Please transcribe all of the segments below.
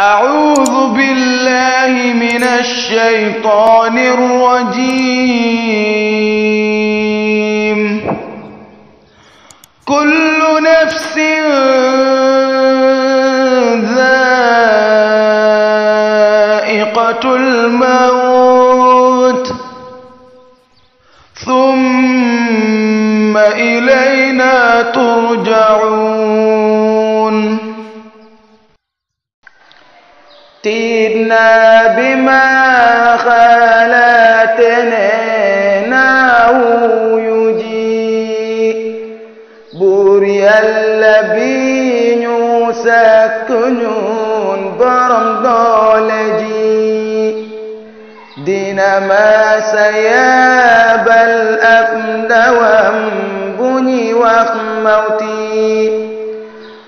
أعوذ بالله من الشيطان الرجيم كل نفس ذائقة الموت ثم إلينا ترجعون تيدنا بما خلاتنا يجي بوري اللبين يسكنون برم دولجي دينا ما سياب دوام وأنبني وخموتي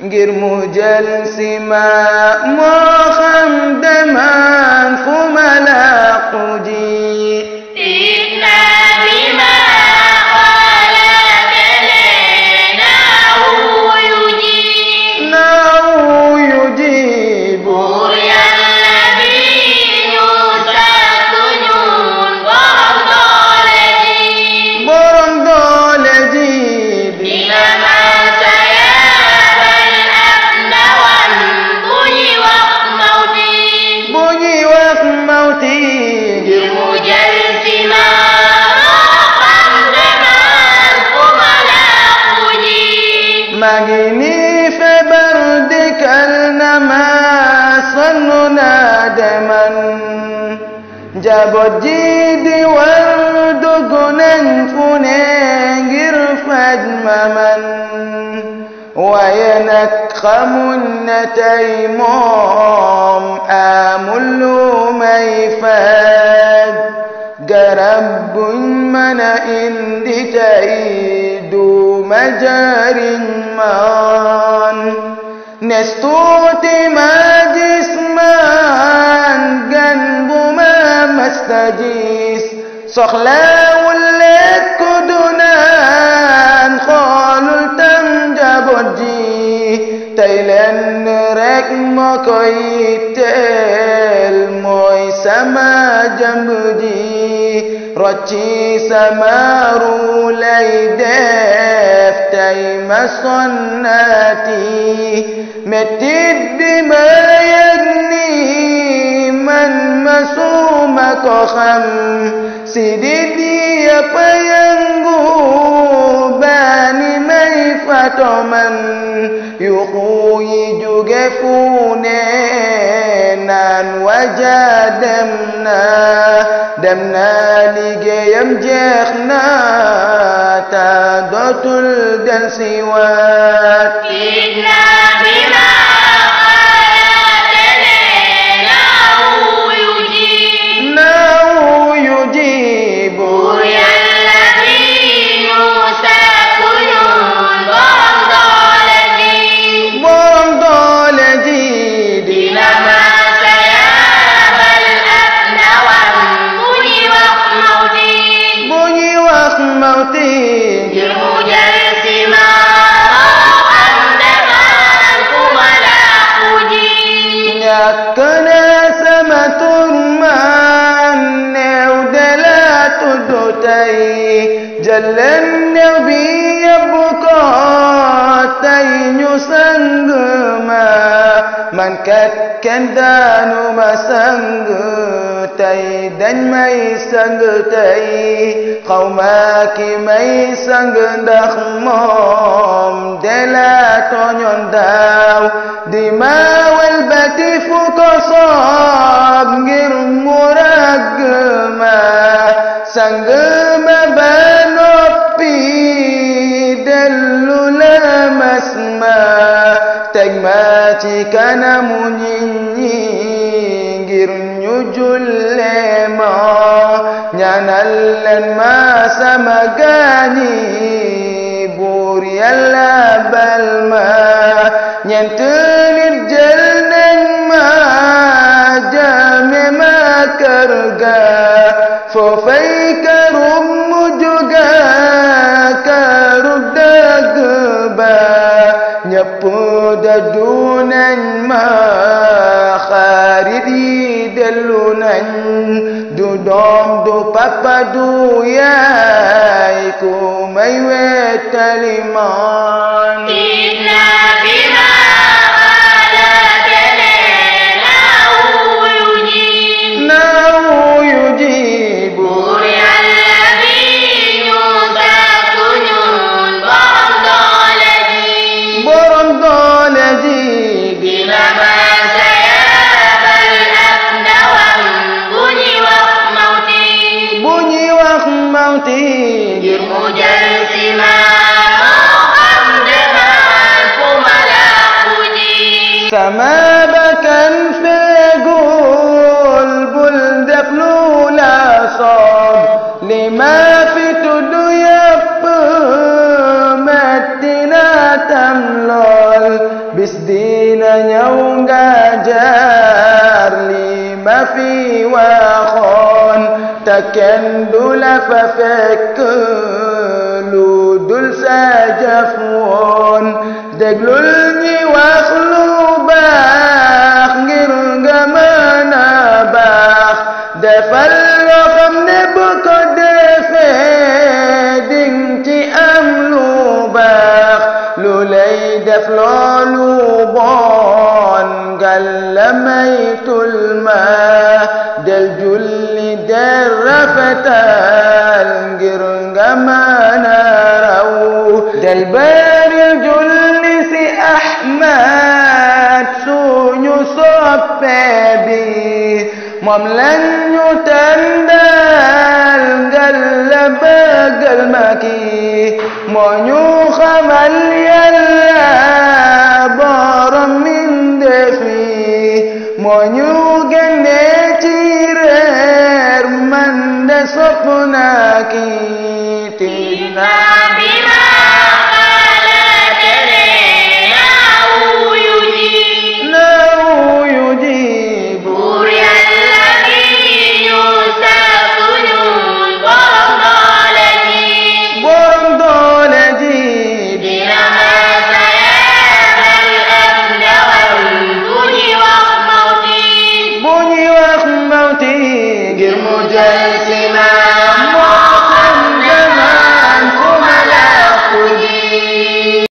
غير مجلس ما مخم دمان فملا قجي إِنَّا في بردك النما صننا دما جب جيد ورد گنن فنگیر فجممن وينكم النتيموم آمل ميفاد قرب من إندتين مجار نستوت ما جسمان ما مستجيس صخلاو اللات كدنان قالوا تمجب تيلن رك مكيت الموي سما رتشي سما سمارو مسناتي متد الدماء يدني من مصومك خم سيدي يبينغو باني ميفة من يخوي جفونينا وجا دمنا دمنا لجيم جيخنا قتادة الجنس والإله ہوتی کن سم تم دل تئی جلن بھی اب کو تئی نو سنگ میں من كان دانو ما سنگ دن مي سنگ تاي خوماكي مي سنگ دخمام دلا تونيون داو دما والبتيف كصاب غير مرقما سنگ kana munyinyi ngir ñu jullee ma ñaanal leen ma sama gaani buur yàlla bal ma ñeent nit jël nañ ma jaame ma kër ga foofay kërum دون ما خاردي دلونا دو دوم دو بابا دو ما ميوة تلمان تكندل ففكلو دل ساجفون دجلل واخلو باخ غير غمانا باخ دفل لولو بون قال لميت الماء دل جل جرفت جرنج ما نروا دل بارج اللس أحمد سون يصف بي مملن يتندل قلب قلمكي من يخمل يلان